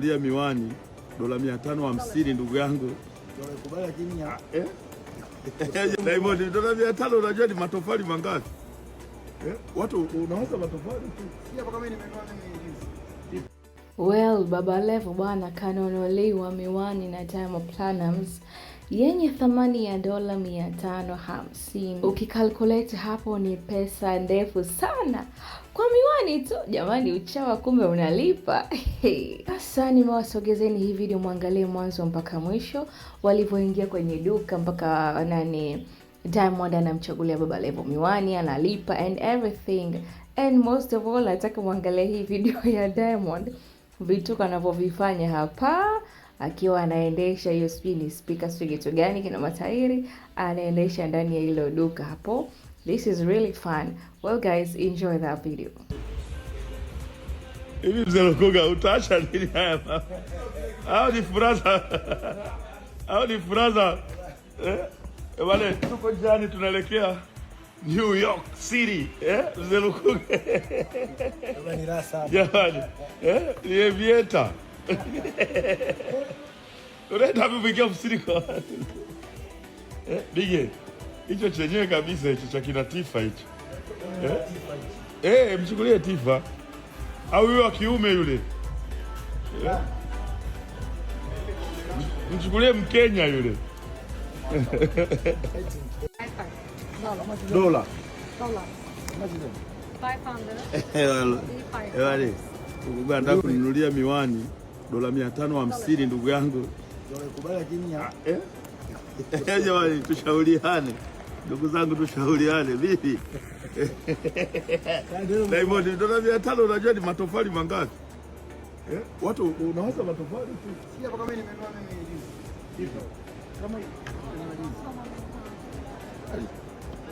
kununulia miwani dola 550 ndugu yangu eh? Diamond, dola unajua ni matofali mangapi? Eh? Watu unaweza matofali tu. Well, Baba Levo bwana kanunuliwa miwani na Diamond Platnumz yenye thamani ya dola 550 Ukikalkulate hapo ni pesa ndefu sana kwa miwani tu. Jamani, uchawa kumbe unalipa. Sasa hey, nimewasogezeni hii video mwangalie mwanzo mpaka mwisho walivyoingia kwenye duka mpaka nani Diamond anamchagulia Baba Levo miwani, analipa and everything and most of all, nataka mwangalie hii video ya Diamond vituko anavyovifanya hapa akiwa anaendesha hiyo, sijui ni spika, sijui kitu gani kina matairi, anaendesha ndani ya hilo duka hapo. This is really fun. Well guys, enjoy that video. Eh, New York City. Eh? Mzee Lukuga. Jamani rasa. Jamani. Eh? Ni vieta. Unaenda vipi kwa ofisini kwa? Eh? Bige hicho chenyewe kabisa hicho cha kina Tifa hicho eh? Eh, mchukulie Tifa au huyo wa kiume yule eh? Mchukulie Mkenya yule dola uganda kuninulia miwani dola mia tano hamsini ndugu yangu eh? jamani, tushauriane. Ndugu zangu tushauriane vipi? Diamond, dola mia tano unajua ni matofali mangapi? Eh? Watu unawaza matofali tu. Sio kama mimi nimenunua mimi hivi. Kama hivi.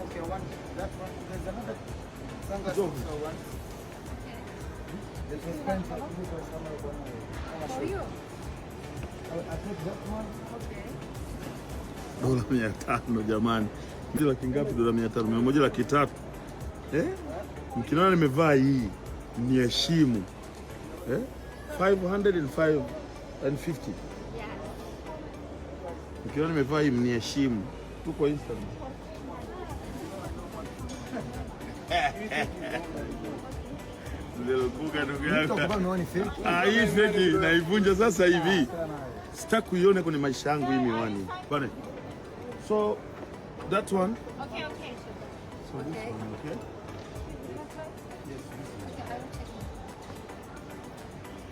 Okay, one. That one. There's another sanga so oh one. There's a sanga kama kama. For you. I take that one. Okay. Dola mia tano jamani laki ngapi? Dola mia tano, mia moja laki tatu eh? Mkinaona nimevaa hii ni heshimu eh? 550 mkiona nimevaa hii ni Tuko Instagram ah, naivunja sasa hivi, ah, sitakuiona kwenye maisha yangu hii miwani so That one. Okay, okay. So okay. this one,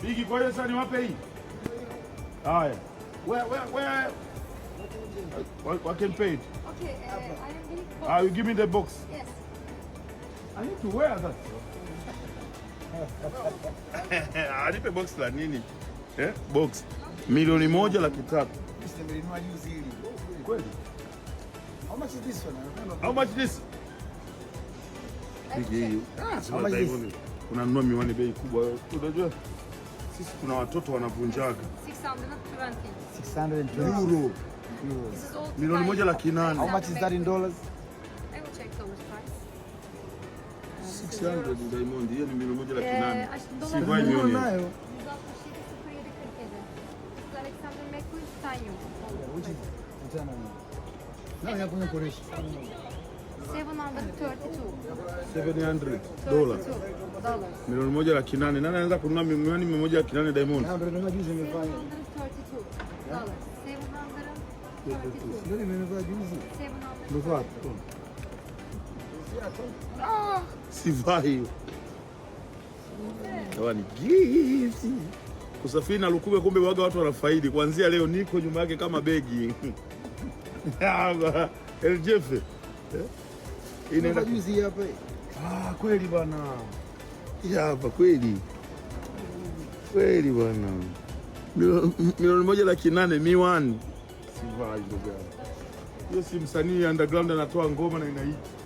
okay? for your son, you want to pay? hii. yeah. Where where where what, what can pay it? Okay, uh, I am Ah, you give me the box. Yes. I need to wear that. I need Alipe box la nini? Eh? Box. Milioni moja Mr. tatu. Mimi nimenunua it. hili. Kweli? much is this one? How much this? Ah, Unanunua miwani bei kubwa. Unajua sisi kuna watoto wanavunjaga euro milioni moja laki nane. How much is that in dollars? I will check those price. 600 Diamond, hiyo ni milioni moja laki nane. Eh, Now Japan Korean. 732 dollars. milioni moja laki nane. Nani anaweza kununua milioni moja laki nane Diamond? Ah! Sivai awani kusafiri na Lukuga, kumbe waga watu wanafaidi. Kuanzia leo niko nyuma yake kama begi Eljefe eh? juzi hapa ah, kweli bwana, hapa kweli kweli bwana, milioni moja laki nane miwani sivai ndugu yangu. Hiyo si msanii underground anatoa ngoma na inaita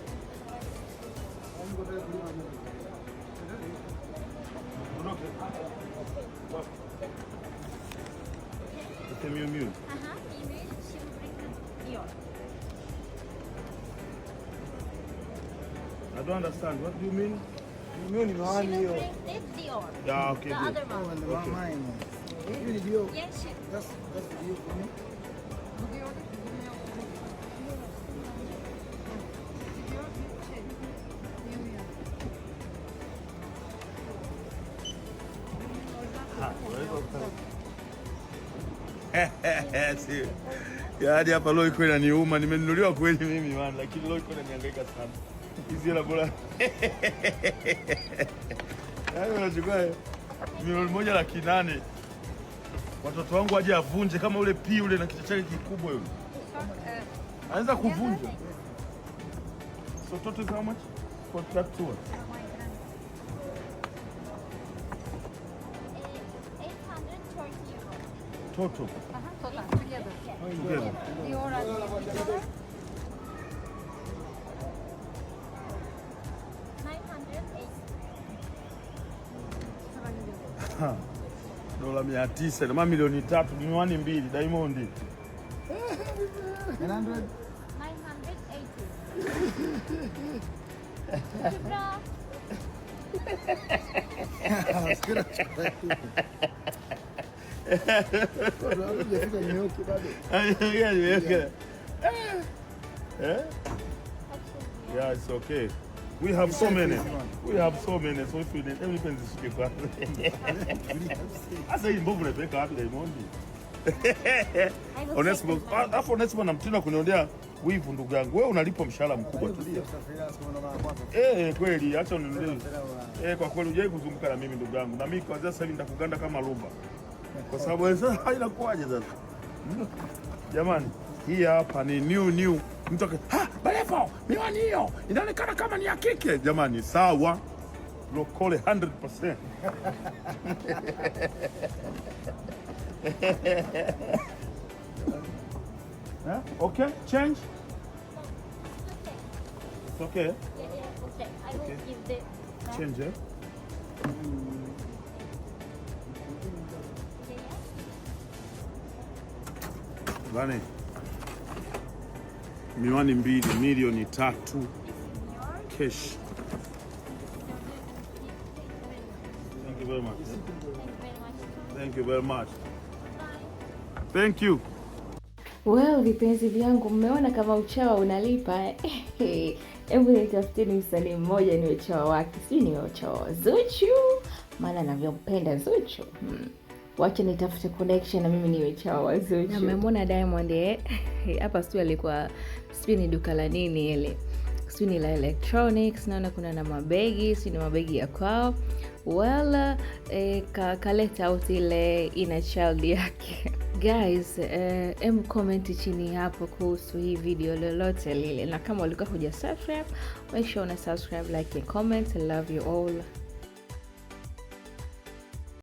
I don't understand. What do you mean? Yeah, okay. The good. other one. Oh, okay. mine. Yes, she. That's that's the Dior for me. Hehehe, ah, see you. ya hadi hapa leo iko inaniuma. Nimenunuliwa kweli mimi bwana, lakini leo iko inanihangaika sana. Hizi hela bora. Hayo yaani unachukua eh, milioni moja laki nane. Watoto wangu waje avunje kama ule pi ule na kichwa chake kikubwa yule. Anaweza kuvunja. So total is how much? Contract that tour. Total. Aha, total. Together. Together. The ah. oral is together. 980. Dola mia tisa ndio milioni tatu milioni mbili Diamond. 900. 980. Yeah, it's okay. We have so many. We have so many. So if you need everything is cheaper. Sasa hii mbovu naipeleka wapi Diamond? Hapo unasema namtina kuniondea wivu ndugu yangu. Wewe unalipwa mshahara mkubwa tulia. Eh, eh, kweli acha unielewe. Eh, kwa kweli hujai kuzunguka na mimi ndugu yangu. Na mimi kwa sasa nitakuganda kama luba kwa sababu sasa inakuwaje sasa hmm? jamani? Hii hapa ni new new, mtu Balevo, miwani hiyo inaonekana kama ni ya kike. Jamani, sawa lokole 100% eh, Okay, change. It's okay. Yeah, yeah, okay. I will okay. give the change. eh? Bane, miwani mbili milioni tatu cash. Thank you very much. Thank you very much. Thank you. Well, vipenzi vyangu mmeona kama uchawa unalipa. Eh, eh, eh. Hebu nitafuteni msanii mmoja ni uchawa wake, si ni uchawa Zuchu, maana anavyompenda Zuchu hmm wacha nitafute connection na mimi niwe chawa wazuchu. Amemwona Diamond eh, hapa sijui alikuwa sijui ni duka la nini ile sijui ni la electronics, naona kuna na mabegi sijui ni mabegi ya kwao well eh, ka, kaleta out ile ina child yake guys eh, em comment chini hapo kuhusu hii video lolote lile, na kama ulikuwa hujasubscribe make sure una subscribe, like and comment. I Love you all.